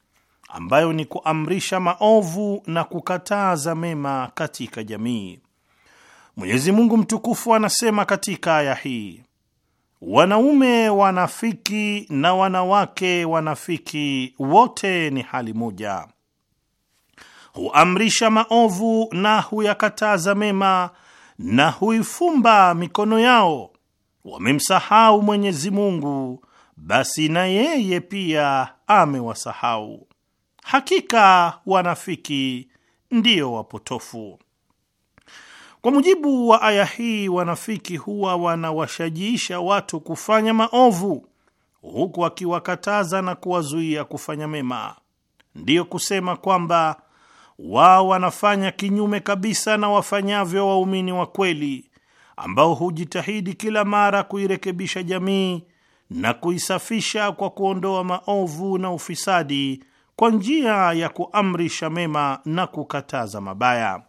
[SPEAKER 1] ambayo ni kuamrisha maovu na kukataza mema katika jamii. Mwenyezi Mungu mtukufu anasema katika aya hii, wanaume wanafiki na wanawake wanafiki wote ni hali moja, huamrisha maovu na huyakataza mema na huifumba mikono yao, wamemsahau Mwenyezi Mungu, basi na yeye pia amewasahau. Hakika wanafiki ndiyo wapotofu. Kwa mujibu wa aya hii, wanafiki huwa wanawashajiisha watu kufanya maovu huku akiwakataza na kuwazuia kufanya mema. Ndiyo kusema kwamba wao wanafanya kinyume kabisa na wafanyavyo waumini wa kweli ambao hujitahidi kila mara kuirekebisha jamii na kuisafisha kwa kuondoa maovu na ufisadi kwa njia ya kuamrisha mema na kukataza mabaya.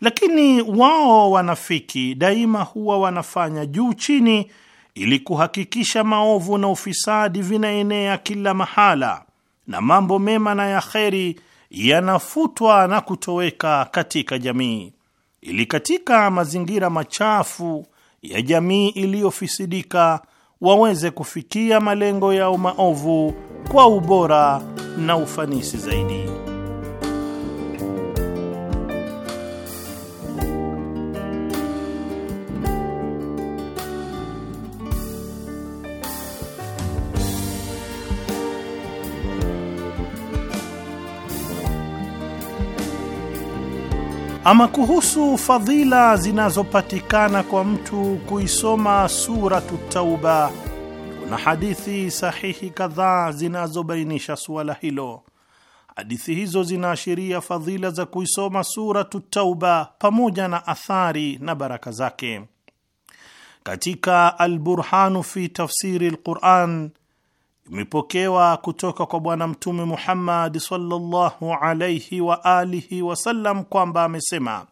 [SPEAKER 1] Lakini wao wanafiki daima huwa wanafanya juu chini ili kuhakikisha maovu na ufisadi vinaenea kila mahala na mambo mema na ya kheri yanafutwa na kutoweka katika jamii, ili katika mazingira machafu ya jamii iliyofisidika waweze kufikia malengo yao maovu kwa ubora na ufanisi zaidi. Ama kuhusu fadhila zinazopatikana kwa mtu kuisoma Suratu Tauba, kuna hadithi sahihi kadhaa zinazobainisha suala hilo. Hadithi hizo zinaashiria fadhila za kuisoma Suratu Tauba pamoja na athari na baraka zake. Katika Alburhanu fi tafsiri lquran imepokewa kutoka kwa Bwana Mtume Muhammad sallallahu alayhi wa alihi wasallam kwamba amesema,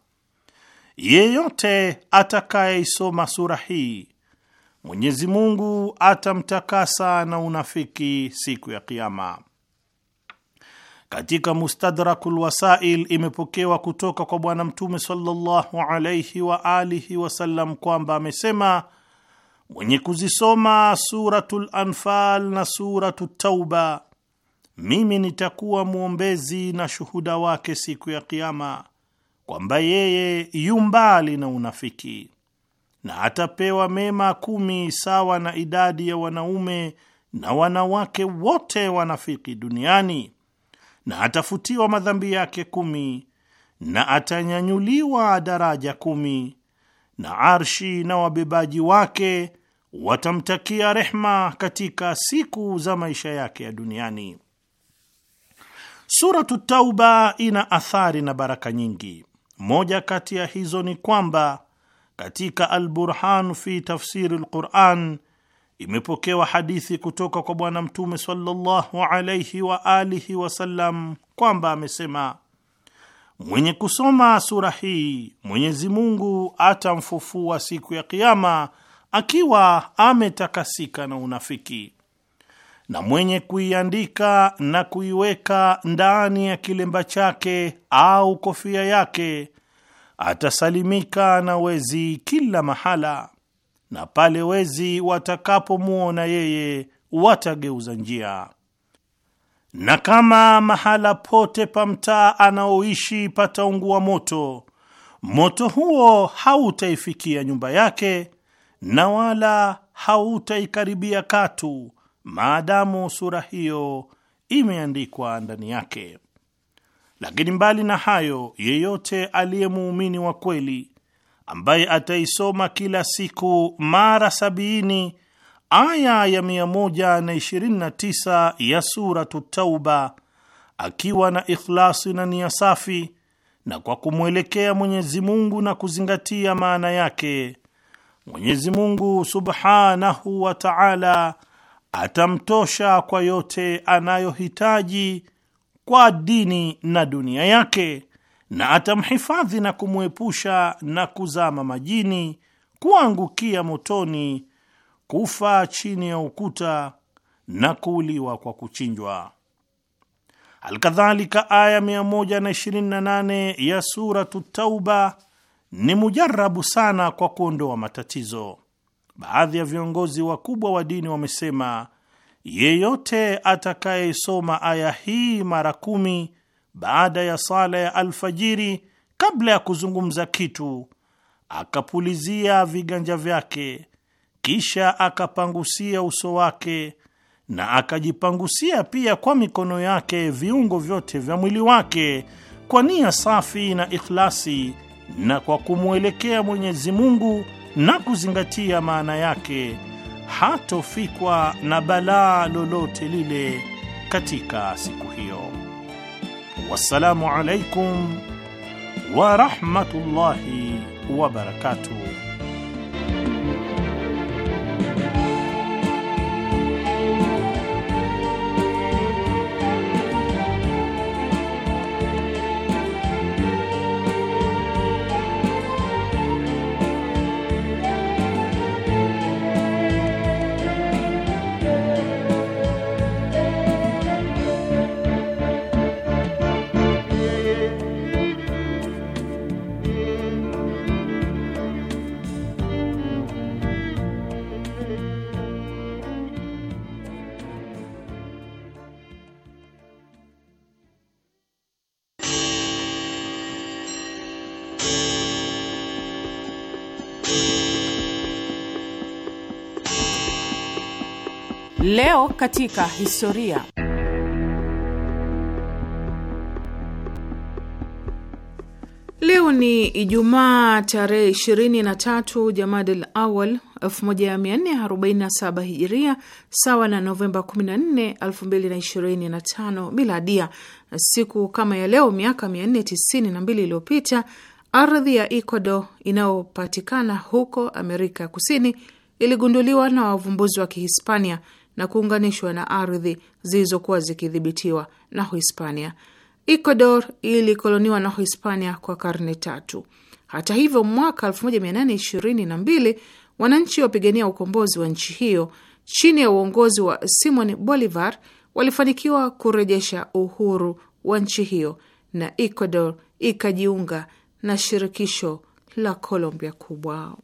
[SPEAKER 1] yeyote atakayeisoma sura hii Mwenyezi Mungu atamtakasa na unafiki siku ya Kiama. Katika Mustadrakul Wasail imepokewa kutoka kwa Bwana Mtume sallallahu alayhi wa alihi wasallam kwamba amesema mwenye kuzisoma Suratul Anfal na Suratu Tauba, mimi nitakuwa mwombezi na shuhuda wake siku ya Kiama kwamba yeye yu mbali na unafiki na atapewa mema kumi sawa na idadi ya wanaume na wanawake wote wanafiki duniani, na atafutiwa madhambi yake kumi na atanyanyuliwa daraja kumi na arshi na wabebaji wake watamtakia rehma katika siku za maisha yake ya duniani. Suratu Tauba ina athari na baraka nyingi. Moja kati ya hizo ni kwamba katika Alburhan fi tafsiri lquran imepokewa hadithi kutoka kwa Bwana Mtume sallallahu alaihi wa alihi wasallam kwamba amesema Mwenye kusoma sura hii Mwenyezi Mungu atamfufua siku ya Kiama akiwa ametakasika na unafiki, na mwenye kuiandika na kuiweka ndani ya kilemba chake au kofia yake atasalimika na wezi kila mahala, na pale wezi watakapomwona yeye watageuza njia na kama mahala pote pa mtaa anaoishi pataungua moto, moto huo hautaifikia nyumba yake na wala hautaikaribia katu, maadamu sura hiyo imeandikwa ndani yake. Lakini mbali na hayo, yeyote aliye muumini wa kweli ambaye ataisoma kila siku mara sabiini aya ya 129 ya Suratu Tauba, akiwa na ikhlasi na nia safi na kwa kumwelekea Mwenyezi Mungu na kuzingatia maana yake, Mwenyezi Mungu subhanahu wa taala atamtosha kwa yote anayohitaji kwa dini na dunia yake, na atamhifadhi na kumwepusha na kuzama majini, kuangukia motoni kufa chini ya ukuta na kuuliwa kwa kuchinjwa. Alkadhalika, aya 128 ya Suratu Tauba ni mujarabu sana kwa kuondoa matatizo. Baadhi ya viongozi wakubwa wa dini wamesema yeyote atakayesoma aya hii mara kumi baada ya sala ya alfajiri, kabla ya kuzungumza kitu, akapulizia viganja vyake kisha akapangusia uso wake na akajipangusia pia kwa mikono yake viungo vyote vya mwili wake kwa nia safi na ikhlasi, na kwa kumwelekea Mwenyezi Mungu na kuzingatia maana yake, hatofikwa na balaa lolote lile katika siku hiyo. Wassalamu alaikum warahmatullahi wabarakatuh.
[SPEAKER 4] Leo katika historia. Leo ni Ijumaa tarehe 23 Jamadil Awal 1447 Hijiria, sawa na Novemba 14, 2025 Miladia. Siku kama ya leo miaka 492 iliyopita, ardhi ya Ecuador inayopatikana huko Amerika ya Kusini iligunduliwa na wavumbuzi wa Kihispania na kuunganishwa na ardhi zilizokuwa zikidhibitiwa na Hispania. Ecuador ilikoloniwa na Hispania kwa karne tatu. Hata hivyo, mwaka 1822 wananchi wapigania ukombozi wa nchi hiyo chini ya uongozi wa Simon Bolivar walifanikiwa kurejesha uhuru wa nchi hiyo na Ecuador ikajiunga na shirikisho la Colombia kubwa.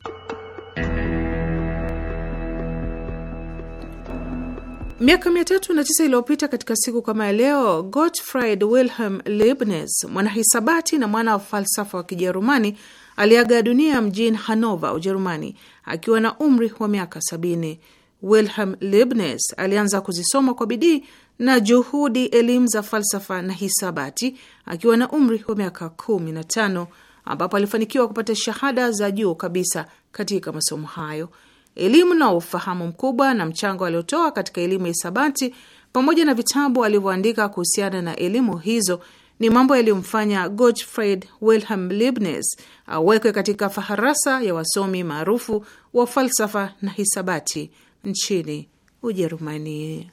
[SPEAKER 4] Miaka mia tatu na tisa iliyopita katika siku kama ya leo, Gottfried Wilhelm Leibniz, mwanahisabati na mwana wa falsafa wa Kijerumani, aliaga dunia mjini Hanover, Ujerumani, akiwa na umri wa miaka sabini. Wilhelm Leibniz alianza kuzisoma kwa bidii na juhudi elimu za falsafa na hisabati akiwa na umri wa miaka kumi na tano ambapo alifanikiwa kupata shahada za juu kabisa katika masomo hayo elimu na ufahamu mkubwa na mchango aliotoa katika elimu ya hisabati pamoja na vitabu alivyoandika kuhusiana na elimu hizo ni mambo yaliyomfanya Gottfried Wilhelm Leibniz awekwe katika faharasa ya wasomi maarufu wa falsafa na hisabati nchini Ujerumani.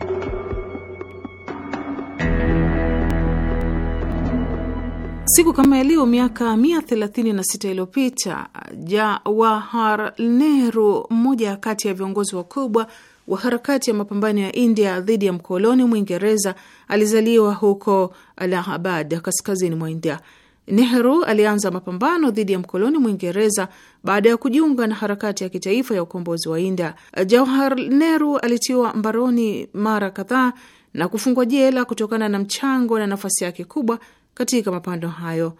[SPEAKER 4] Siku kama ya leo miaka 136 iliyopita Jawahar Nehru, mmoja kati ya viongozi wakubwa wa harakati ya mapambano ya India dhidi ya mkoloni Mwingereza, alizaliwa huko Allahabad, kaskazini mwa India. Nehru alianza mapambano dhidi ya mkoloni Mwingereza baada ya kujiunga na harakati ya kitaifa ya ukombozi wa India. Jawahar Nehru alitiwa mbaroni mara kadhaa na kufungwa jela kutokana na mchango na nafasi yake kubwa katika mapambano hayo.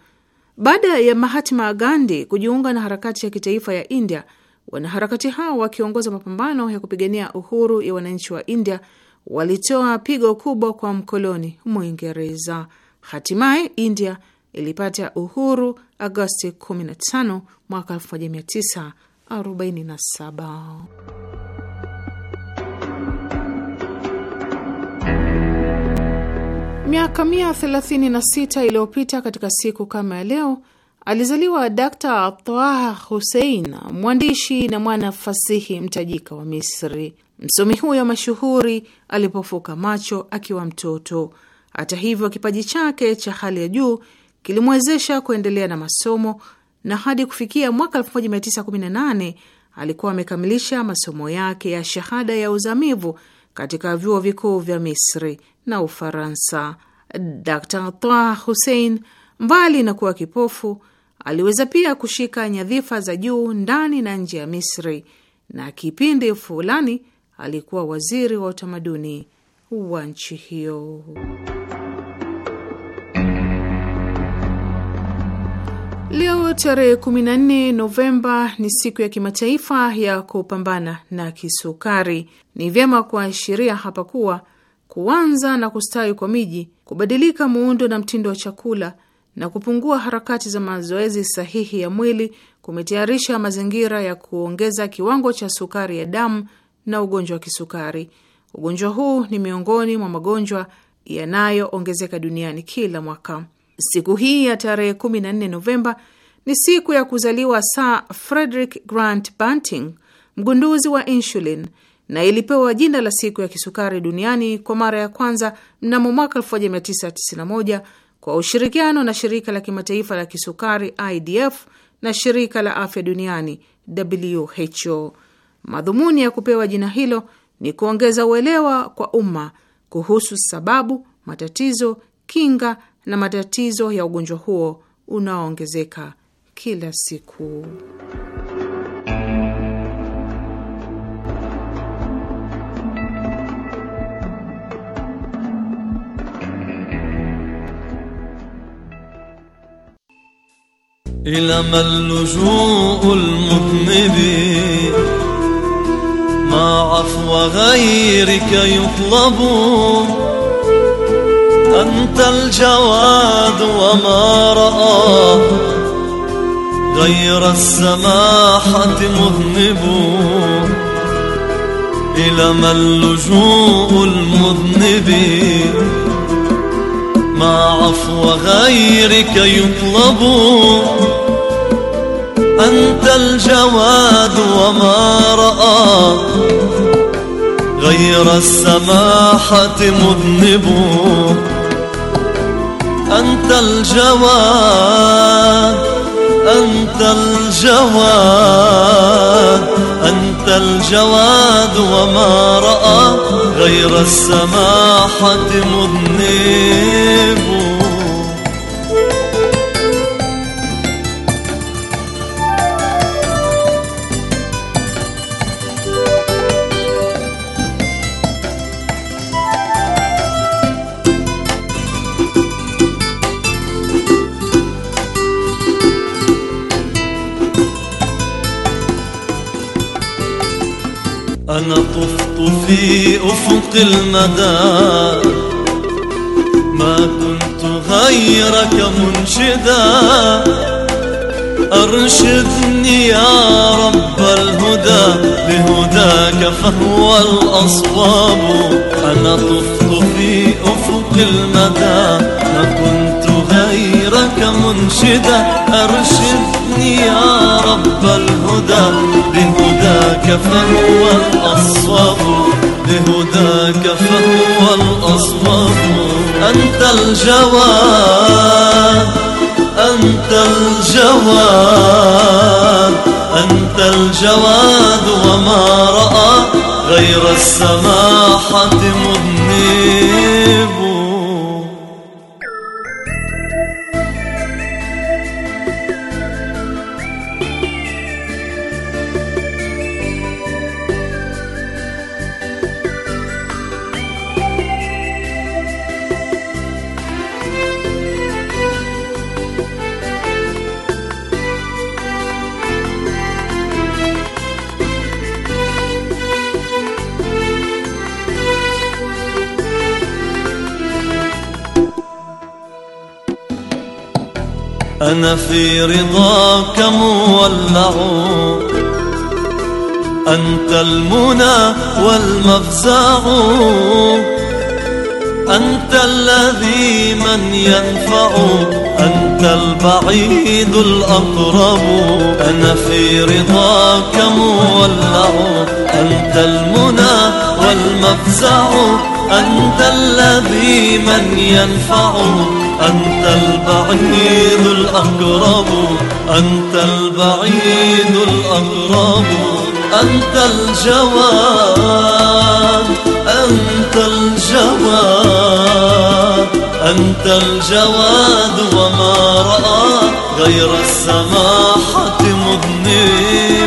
[SPEAKER 4] Baada ya Mahatma Gandhi kujiunga na harakati ya kitaifa ya India, wanaharakati hao wakiongoza mapambano ya kupigania uhuru ya wananchi wa India walitoa pigo kubwa kwa mkoloni Mwingereza. Hatimaye India ilipata uhuru Agosti 15 mwaka 1947. Miaka mia thelathini na sita iliyopita katika siku kama ya leo alizaliwa Dr Taha Hussein, mwandishi na mwana fasihi mtajika wa Misri. Msomi huyo mashuhuri alipofuka macho akiwa mtoto. Hata hivyo, kipaji chake cha hali ya juu kilimwezesha kuendelea na masomo na hadi kufikia mwaka 1918 alikuwa amekamilisha masomo yake ya shahada ya uzamivu katika vyuo vikuu vya Misri na Ufaransa. Dr Taha Hussein, mbali na kuwa kipofu, aliweza pia kushika nyadhifa za juu ndani na nje ya Misri, na kipindi fulani alikuwa waziri wa utamaduni wa nchi hiyo. Leo tarehe 14 Novemba ni siku ya kimataifa ya kupambana na kisukari. Ni vyema kuashiria hapa kuwa kuanza na kustawi kwa miji, kubadilika muundo na mtindo wa chakula na kupungua harakati za mazoezi sahihi ya mwili kumetayarisha mazingira ya kuongeza kiwango cha sukari ya damu na ugonjwa wa kisukari. Ugonjwa huu ni miongoni mwa magonjwa yanayoongezeka duniani kila mwaka. Siku hii ya tarehe 14 Novemba ni siku ya kuzaliwa Sir Frederick Grant Banting, mgunduzi wa insulin, na ilipewa jina la siku ya kisukari duniani kwa mara ya kwanza mnamo mwaka 1991 kwa ushirikiano na shirika la kimataifa la kisukari IDF na shirika la afya duniani WHO. Madhumuni ya kupewa jina hilo ni kuongeza uelewa kwa umma kuhusu sababu, matatizo, kinga na matatizo ya ugonjwa huo unaoongezeka kila siku.
[SPEAKER 5] ma afwa ghayrika yutlabu أنت الجواد وما رآه غير السماحة مذنب إلى ما اللجوء المذنب مع عفو غيرك يطلب أنت الجواد وما رآه غير السماحة مذنب أنت الجواد أنت الجواد أنت الجواد وما رأى غير السماحة مذنب في أفق المدى ما كنت غيرك منشدا أرشدني يا رب الهدى لهداك فهو الأصواب أنا طفت في أفق المدى ما كنت غيرك منشدا أرشدني يا رب الهدى لهداك فهو الأصواب سواك فهو الأصوب أنت الجواد أنت الجواد أنت الجواد وما رأى غير السماحة مضني أنا في رضاك مولع أنت المنى والمفزع أنت الذي من ينفع أنت البعيد الأقرب أنا في رضاك مولع أنت المنى والمفزع أنت الذي من ينفع أنت البعيد الأقرب أنت البعيد الأقرب أنت الجواد أنت الجواد أنت الجواد وما رأى غير السماحة مضني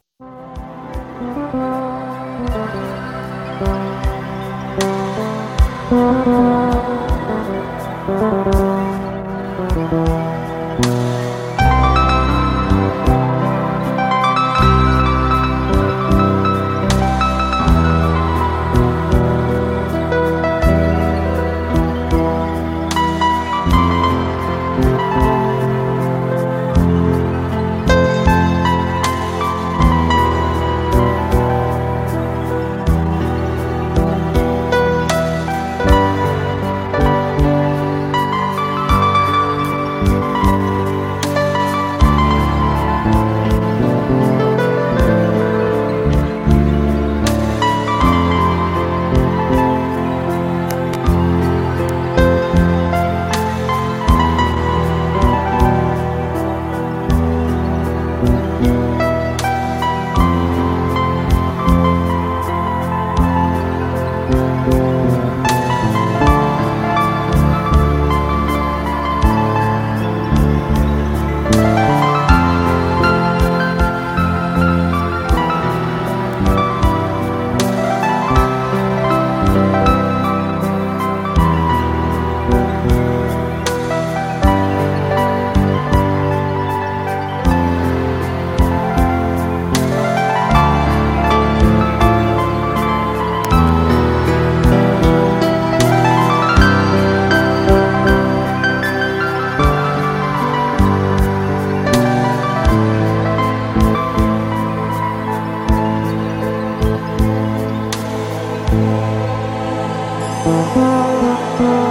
[SPEAKER 6] Thank you.